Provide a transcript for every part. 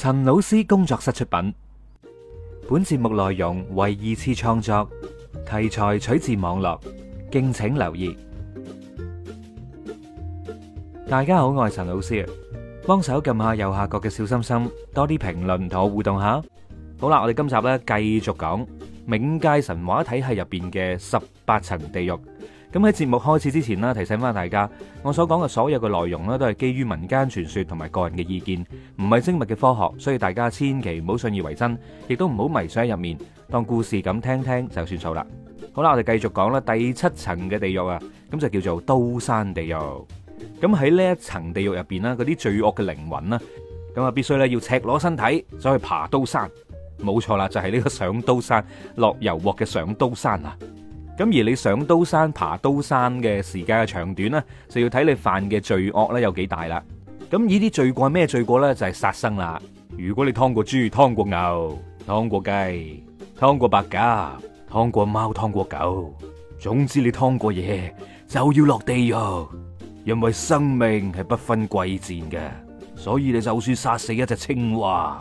陳老師工作室出品，本節目內容為二次創作，題材取自網絡，敬請留意。大家好，我係陳老師，幫手撳下右下角嘅小心心，多啲評論同我互動下。好啦，我哋今集咧繼續講冥界神話體系入邊嘅十八層地獄。咁喺節目開始之前啦，提醒翻大家，我所講嘅所有嘅內容咧，都係基於民間傳說同埋個人嘅意見，唔係精密嘅科學，所以大家千祈唔好信以為真，亦都唔好迷上喺入面，當故事咁聽聽就算數啦。好啦，我哋繼續講啦，第七層嘅地獄啊，咁就叫做刀山地獄。咁喺呢一層地獄入邊啦，嗰啲罪惡嘅靈魂啦，咁啊必須咧要赤裸身體走去爬刀山，冇錯啦，就係呢個上刀山落油鑊嘅上刀山啊！咁而你上刀山爬刀山嘅時間嘅長短呢，就要睇你犯嘅罪惡呢有幾大啦。咁呢啲罪過係咩罪過呢？就係、是、殺生啦。如果你㓥過豬、㓥過牛、㓥過雞、㓥過白鴿、㓥過貓、㓥過，過狗，總之你㓥過嘢就要落地獄。因為生命係不分貴賤嘅，所以你就算殺死一隻青蛙、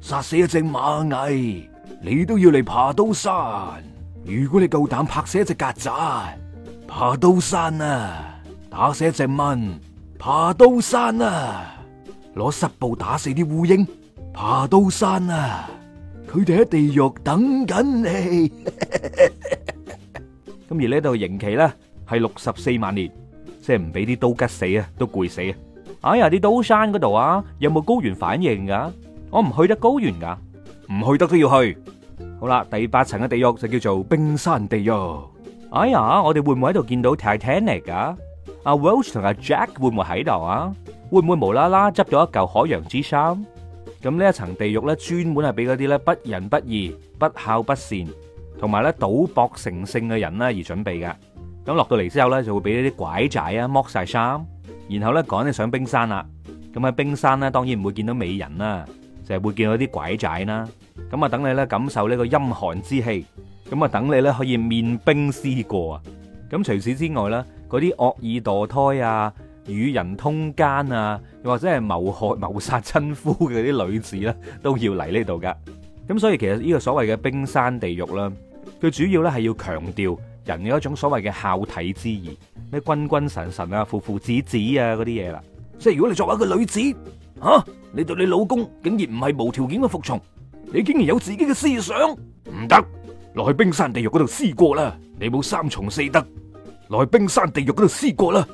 殺死一隻螞蟻，你都要嚟爬刀山。如果你夠膽拍死一隻曱甴，爬刀山啊！打死一隻蚊，爬刀山啊！攞濕布打死啲烏蠅，爬刀山啊！佢哋喺地獄等緊你。咁而呢度刑期咧係六十四萬年，即係唔俾啲刀吉死啊，都攰死啊！哎呀，啲刀山嗰度啊，有冇高原反應噶？我唔去得高原噶，唔去得都要去。好啦，第八層嘅地獄就叫做冰山地獄。哎呀，我哋會唔會喺度見到 Titanic 啊？阿 Willie 同阿 Jack 會唔會喺度啊？會唔會無啦啦執咗一嚿海洋之衫？咁呢一層地獄咧，專門係俾嗰啲咧不仁不義、不孝不善同埋咧賭博成性嘅人咧而準備嘅。咁落到嚟之後咧，就會俾呢啲拐仔啊剝晒衫，然後咧趕你上冰山啦。咁喺冰山咧，當然唔會見到美人啦，就係會見到啲拐仔啦。咁啊，等你咧感受呢個陰寒之氣，咁啊，等你咧可以面冰思過啊。咁除此之外咧，嗰啲惡意墮胎啊、與人通姦啊，又或者係謀害謀殺親夫嘅嗰啲女子咧，都要嚟呢度噶。咁所以其實呢個所謂嘅冰山地獄啦，佢主要咧係要強調人有一種所謂嘅孝體之意，咩君君臣臣啊、父父子子啊嗰啲嘢啦。即係如果你作為一個女子，吓你對你老公竟然唔係無條件嘅服從。你竟然有自己嘅思想，唔得，落去冰山地獄嗰度思過啦！你冇三從四德，落去冰山地獄嗰度思過啦！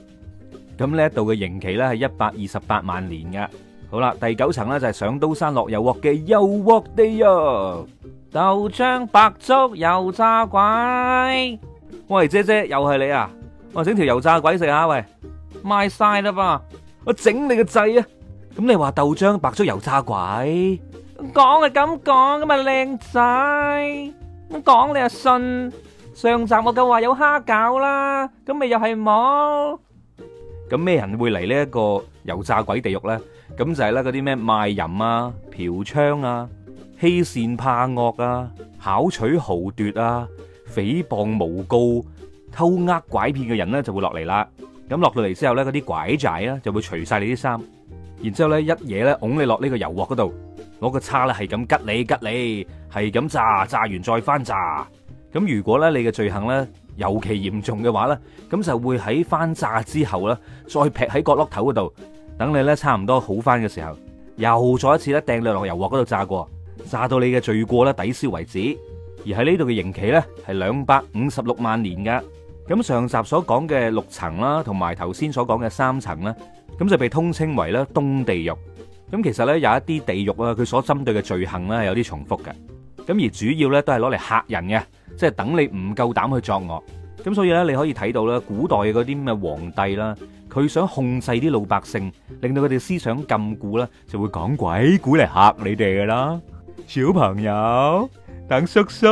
咁呢一度嘅刑期咧係一百二十八萬年㗎。好啦，第九層咧就係上刀山落油鑊嘅油鑊地獄，豆漿白粥油炸鬼。喂，姐姐又係你啊！我整條油炸鬼食下喂，賣晒啦噃！我整你個掣啊！咁你話豆漿白粥油炸鬼？講係咁講，咁咪靚仔咁講你又信？上集我夠話有蝦餃啦，咁咪又係冇。咁咩人會嚟呢一個油炸鬼地獄咧？咁就係啦，嗰啲咩賣淫啊、嫖娼啊、欺善怕惡啊、巧取豪奪啊、誹謗誣告、偷呃拐騙嘅人咧，就會落嚟啦。咁落到嚟之後咧，嗰啲拐仔啊，就會除晒你啲衫，然之後咧一嘢咧，㧬你落呢個油鑊嗰度。攞個叉啦，係咁吉你吉你，係咁炸，炸完再翻炸。咁如果咧你嘅罪行咧尤其嚴重嘅話咧，咁就係會喺翻炸之後咧，再劈喺角落頭嗰度，等你咧差唔多好翻嘅時候，又再一次咧掟你落油鑊嗰度炸過，炸到你嘅罪過咧抵消為止。而喺呢度嘅刑期咧係兩百五十六萬年㗎。咁上集所講嘅六層啦，同埋頭先所講嘅三層啦，咁就被通稱為咧東地獄。咁其實咧有一啲地獄啦，佢所針對嘅罪行咧有啲重複嘅，咁而主要咧都係攞嚟吓人嘅，即係等你唔夠膽去作惡。咁所以咧你可以睇到咧古代嘅嗰啲咁嘅皇帝啦，佢想控制啲老百姓，令到佢哋思想禁錮啦，就會講鬼故嚟吓你哋噶啦。小朋友，等叔叔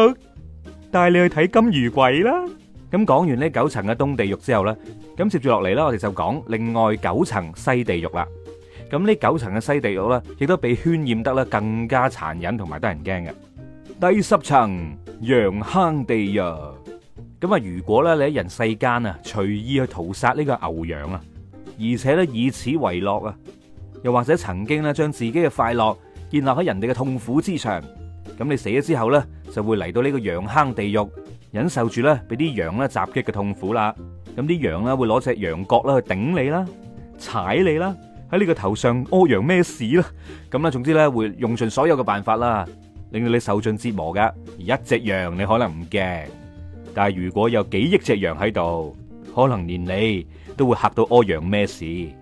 帶你去睇金魚鬼啦。咁講完呢九層嘅東地獄之後咧，咁接住落嚟咧，我哋就講另外九層西地獄啦。咁呢九層嘅西地獄咧，亦都俾渲染得咧更加殘忍同埋得人驚嘅。第十層羊坑地獄，咁啊，如果咧你喺人世間啊隨意去屠殺呢個牛羊啊，而且咧以此為樂啊，又或者曾經呢將自己嘅快樂建立喺人哋嘅痛苦之上，咁你死咗之後咧就會嚟到呢個羊坑地獄，忍受住咧俾啲羊咧襲擊嘅痛苦啦。咁啲羊咧會攞隻羊角啦去頂你啦，踩你啦。喺呢個頭上屙羊咩屎啦，咁啦，總之咧會用盡所有嘅辦法啦，令到你受盡折磨噶。一隻羊你可能唔驚，但係如果有幾億隻羊喺度，可能連你都會吓到屙羊咩屎。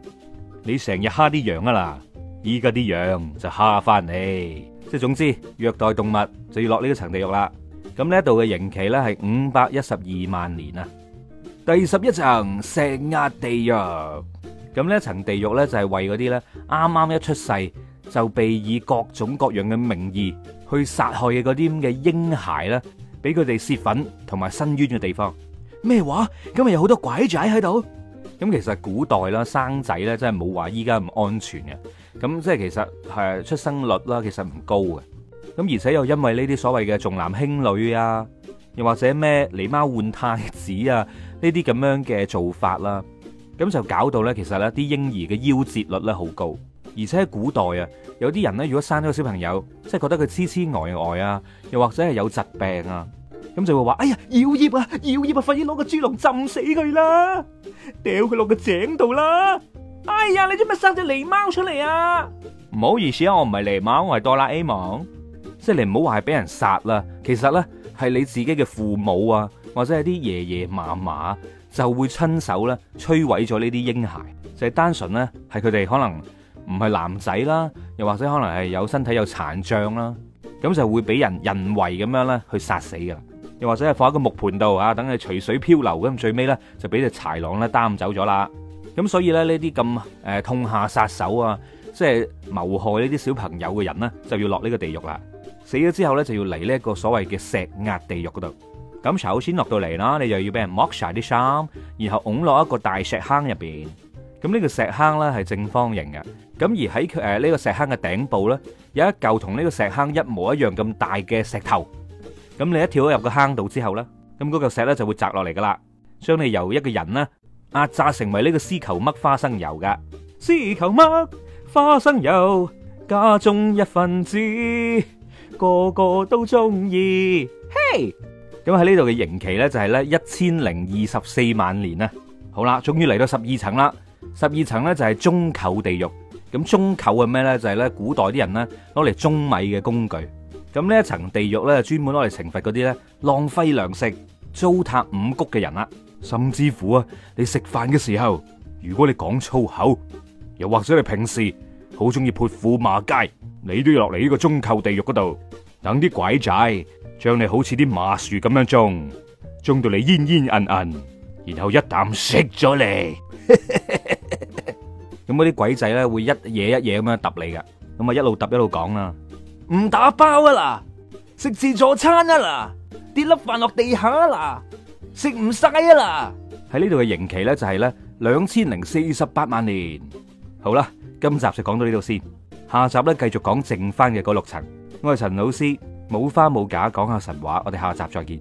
你成日蝦啲羊啊啦，依家啲羊就蝦翻你。即係總之虐待動物就要落呢一層地獄啦。咁呢一度嘅刑期咧係五百一十二萬年啊。第十一層石壓地獄。咁呢一層地獄咧，就係為嗰啲咧啱啱一出世就被以各種各樣嘅名義去殺害嘅嗰啲咁嘅嬰孩咧，俾佢哋洩憤同埋伸冤嘅地方。咩話？今日有好多鬼仔喺度。咁其實古代啦，生仔咧真係冇話依家唔安全嘅。咁即係其實係出生率啦，其實唔高嘅。咁而且又因為呢啲所謂嘅重男輕女啊，又或者咩狸貓換太子啊，呢啲咁樣嘅做法啦。咁就搞到咧，其實咧啲嬰兒嘅夭折率咧好高，而且喺古代啊，有啲人咧如果生咗個小朋友，即係覺得佢痴痴呆呆啊，又或者係有疾病啊，咁就會話：哎呀，妖孽啊，妖孽啊，妖孽啊，妖孽啊，快啲攞個豬籠浸死佢啦，掉佢落個井度啦！哎呀，你做咩生隻狸貓出嚟啊？唔好意思啊，我唔係狸貓，我係哆啦 A 夢。即係你唔好話係俾人殺啦，其實咧係你自己嘅父母啊。或者係啲爺爺嫲嫲就會親手咧摧毀咗呢啲嬰孩，就係單純咧係佢哋可能唔係男仔啦，又或者可能係有身體有殘障啦，咁就會俾人人為咁樣咧去殺死㗎。又或者係放喺個木盤度啊，等佢隨水漂流咁，最尾咧就俾隻豺狼咧擔走咗啦。咁所以咧呢啲咁誒痛下殺手啊，即係謀害呢啲小朋友嘅人呢，就要落呢個地獄啦。死咗之後咧，就要嚟呢一個所謂嘅石壓地獄嗰度。咁首先落到嚟啦，你又要俾人剝晒啲衫，然後㧬落一個大石坑入邊。咁呢個石坑咧係正方形嘅。咁而喺誒呢個石坑嘅頂部咧，有一嚿同呢個石坑一模一樣咁大嘅石頭。咁你一跳咗入個坑度之後咧，咁嗰嚿石咧就會砸落嚟噶啦，將你由一個人呢壓榨成為呢個獅球唛花生油噶。獅球唛花生油，家中一份子，個個都中意，嘿。咁喺呢度嘅刑期呢，就係呢一千零二十四萬年啦！好啦，終於嚟到十二層啦，十二層呢，就係舂臼地獄。咁舂臼係咩呢？就係呢古代啲人呢，攞嚟舂米嘅工具。咁呢一層地獄呢，專門攞嚟懲罰嗰啲呢，浪費糧食糟蹋五穀嘅人啦，甚至乎啊，你食飯嘅時候，如果你講粗口，又或者你平時。好中意潑婦罵街，你都要落嚟呢個舂臼地獄，嗰度等啲鬼仔將你好似啲馬樹咁樣種，種到你煙煙韌韌，然後一啖食咗你。咁嗰啲鬼仔咧會一嘢一嘢咁樣揼你噶，咁啊一路揼一路講啦，唔打包啊嗱，食自助餐啊嗱，跌粒飯落地下啊嗱，食唔晒啊嗱。喺呢度嘅刑期咧就係咧兩千零四十八萬年。好啦。今集就講到呢度先，下集咧繼續講剩翻嘅嗰六層。我係陳老師，冇花冇假講下神話，我哋下集再見。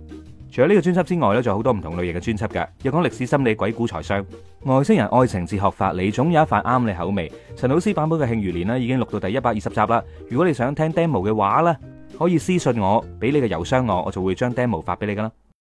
除咗呢個專輯之外呢，仲有好多唔同類型嘅專輯㗎，又講歷史、心理、鬼故、財商、外星人、愛情、哲學、法，你總有一塊啱你口味。陳老師版本嘅慶餘年呢已經錄到第一百二十集啦，如果你想聽 demo 嘅話呢，可以私信我，俾你嘅郵箱我，我就會將 demo 發俾你噶啦。